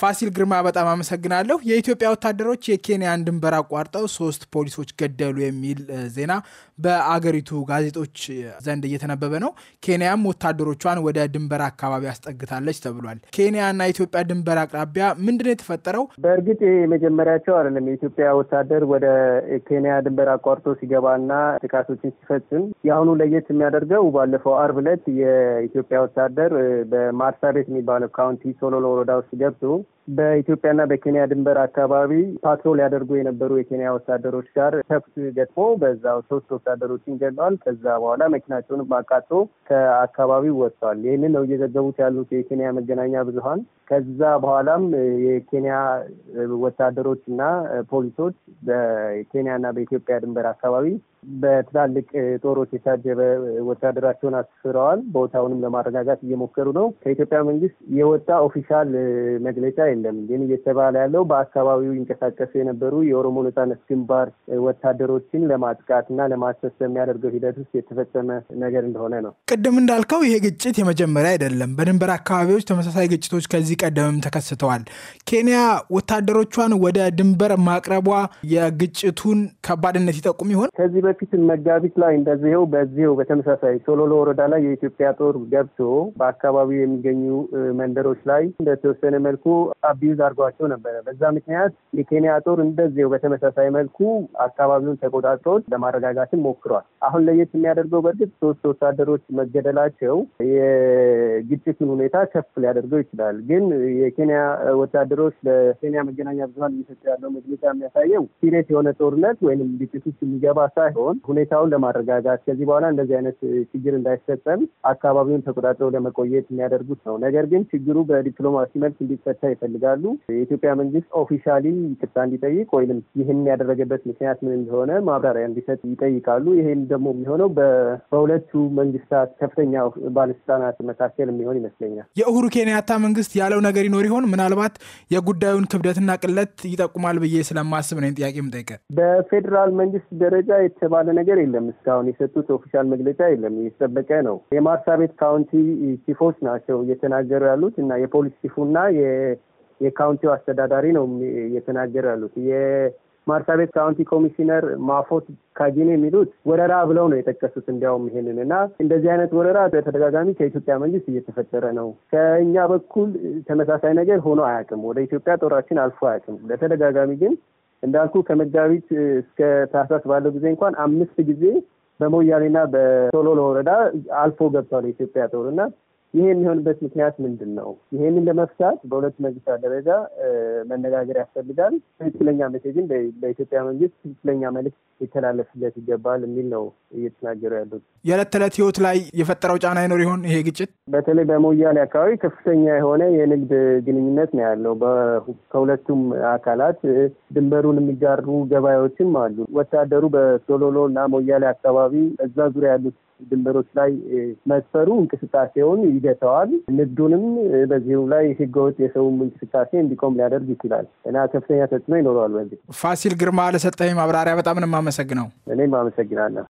ፋሲል ግርማ በጣም አመሰግናለሁ። የኢትዮጵያ ወታደሮች የኬንያን ድንበር አቋርጠው ሶስት ፖሊሶች ገደሉ የሚል ዜና በአገሪቱ ጋዜጦች ዘንድ እየተነበበ ነው። ኬንያም ወታደሮቿን ወደ ድንበር አካባቢ አስጠግታለች ተብሏል። ኬንያና ኢትዮጵያ ድንበር አቅራቢያ ምንድን ነው የተፈጠረው? በእርግጥ የመጀመሪያቸው አይደለም። የኢትዮጵያ ወታደር ወደ ኬንያ ድንበር አቋርጦ ሲገባና ጥቃቶችን ሲፈጽም የአሁኑ ለየት የሚያደርገው ባለፈው አርብ ዕለት የኢትዮጵያ ወታደር በማርሳቤት የሚባለው ካውንቲ ሶሎሎ ወረዳ ውስጥ ገብቶ በኢትዮጵያና በኬንያ ድንበር አካባቢ ፓትሮል ያደርጉ የነበሩ የኬንያ ወታደሮች ጋር ተኩስ ገጥሞ በዛው ሶስት ወታደሮችን ገድለዋል። ከዛ በኋላ መኪናቸውንም አቃጥሎ ከአካባቢው ወጥቷል። ይህንን ነው እየዘገቡት ያሉት የኬንያ መገናኛ ብዙኃን። ከዛ በኋላም የኬንያ ወታደሮች እና ፖሊሶች በኬንያና በኢትዮጵያ ድንበር አካባቢ በትላልቅ ጦሮች የታጀበ ወታደራቸውን አስፍረዋል። ቦታውንም ለማረጋጋት እየሞከሩ ነው። ከኢትዮጵያ መንግስት የወጣ ኦፊሻል መግለጫ የለም። ግን እየተባለ ያለው በአካባቢው ይንቀሳቀሱ የነበሩ የኦሮሞ ነጻነት ግንባር ወታደሮችን ለማጥቃት እና ለማሰስ በሚያደርገው ሂደት ውስጥ የተፈጸመ ነገር እንደሆነ ነው። ቅድም እንዳልከው ይሄ ግጭት የመጀመሪያ አይደለም። በድንበር አካባቢዎች ተመሳሳይ ግጭቶች ከዚህ ቀደምም ተከስተዋል። ኬንያ ወታደሮቿን ወደ ድንበር ማቅረቧ የግጭቱን ከባድነት ይጠቁም ይሆን? በፊት መጋቢት ላይ እንደዚው በዚው በተመሳሳይ ሶሎሎ ወረዳ ላይ የኢትዮጵያ ጦር ገብቶ በአካባቢው የሚገኙ መንደሮች ላይ እንደተወሰነ መልኩ አቢዩዝ አድርጓቸው ነበረ። በዛ ምክንያት የኬንያ ጦር እንደዚው በተመሳሳይ መልኩ አካባቢውን ተቆጣጥሮት ለማረጋጋትም ሞክሯል። አሁን ለየት የሚያደርገው በእርግጥ ሶስት ወታደሮች መገደላቸው የግጭቱን ሁኔታ ከፍ ሊያደርገው ይችላል። ግን የኬንያ ወታደሮች ለኬንያ መገናኛ ብዙሀን እየሰጡ ያለው መግለጫ የሚያሳየው ሲሬት የሆነ ጦርነት ወይም ግጭት ውስጥ የሚገባ ሳይሆን በመሆን ሁኔታውን ለማረጋጋት ከዚህ በኋላ እንደዚህ አይነት ችግር እንዳይፈጸም አካባቢውን ተቆጣጥረው ለመቆየት የሚያደርጉት ነው። ነገር ግን ችግሩ በዲፕሎማሲ መልክ እንዲፈታ ይፈልጋሉ። የኢትዮጵያ መንግስት ኦፊሻሊ ይቅርታ እንዲጠይቅ ወይም ይህን ያደረገበት ምክንያት ምን እንደሆነ ማብራሪያ እንዲሰጥ ይጠይቃሉ። ይህም ደግሞ የሚሆነው በሁለቱ መንግስታት ከፍተኛ ባለስልጣናት መካከል የሚሆን ይመስለኛል። የእሁሩ ኬንያታ መንግስት ያለው ነገር ይኖር ይሆን? ምናልባት የጉዳዩን ክብደትና ቅለት ይጠቁማል ብዬ ስለማስብ ነው ጥያቄ የምጠይቀ በፌዴራል መንግስት ደረጃ የተባለ ነገር የለም። እስካሁን የሰጡት ኦፊሻል መግለጫ የለም። እየተጠበቀ ነው። የማርሳ ቤት ካውንቲ ቺፎች ናቸው እየተናገሩ ያሉት እና የፖሊስ ቺፉና የካውንቲው አስተዳዳሪ ነው እየተናገሩ ያሉት። የማርሳ ቤት ካውንቲ ኮሚሽነር ማፎት ካጊኔ የሚሉት ወረራ ብለው ነው የጠቀሱት። እንዲያውም ይሄንን እና እንደዚህ አይነት ወረራ በተደጋጋሚ ከኢትዮጵያ መንግስት እየተፈጠረ ነው። ከእኛ በኩል ተመሳሳይ ነገር ሆኖ አያውቅም። ወደ ኢትዮጵያ ጦራችን አልፎ አያውቅም። በተደጋጋሚ ግን እንዳልኩ ከመጋቢት እስከ ታህሳስ ባለው ጊዜ እንኳን አምስት ጊዜ በሞያሌና በሶሎሎ ወረዳ አልፎ ገብቷል የኢትዮጵያ ጦር እና ይሄ የሚሆንበት ምክንያት ምንድን ነው? ይሄንን ለመፍታት በሁለቱ መንግስታት ደረጃ መነጋገር ያስፈልጋል። ትክክለኛ ሜሴጅን በኢትዮጵያ መንግስት ትክክለኛ መልዕክት ሊተላለፍለት ይገባል የሚል ነው እየተናገሩ ያሉት። የዕለት ተዕለት ህይወት ላይ የፈጠረው ጫና ይኖር ይሆን ይሄ ግጭት? በተለይ በሞያሌ አካባቢ ከፍተኛ የሆነ የንግድ ግንኙነት ነው ያለው ከሁለቱም አካላት። ድንበሩን የሚጋሩ ገበያዎችም አሉ። ወታደሩ በሶሎሎ እና ሞያሌ አካባቢ እዛ ዙሪያ ያሉት ድንበሮች ላይ መስፈሩ እንቅስቃሴውን ይገተዋል። ንግዱንም በዚሁ ላይ ህገወጥ የሰውም እንቅስቃሴ እንዲቆም ሊያደርግ ይችላል እና ከፍተኛ ተጽዕኖ ይኖረዋል። በዚህ ፋሲል ግርማ ለሰጠኝ ማብራሪያ በጣም ነው የማመሰግነው። እኔም አመሰግናለሁ።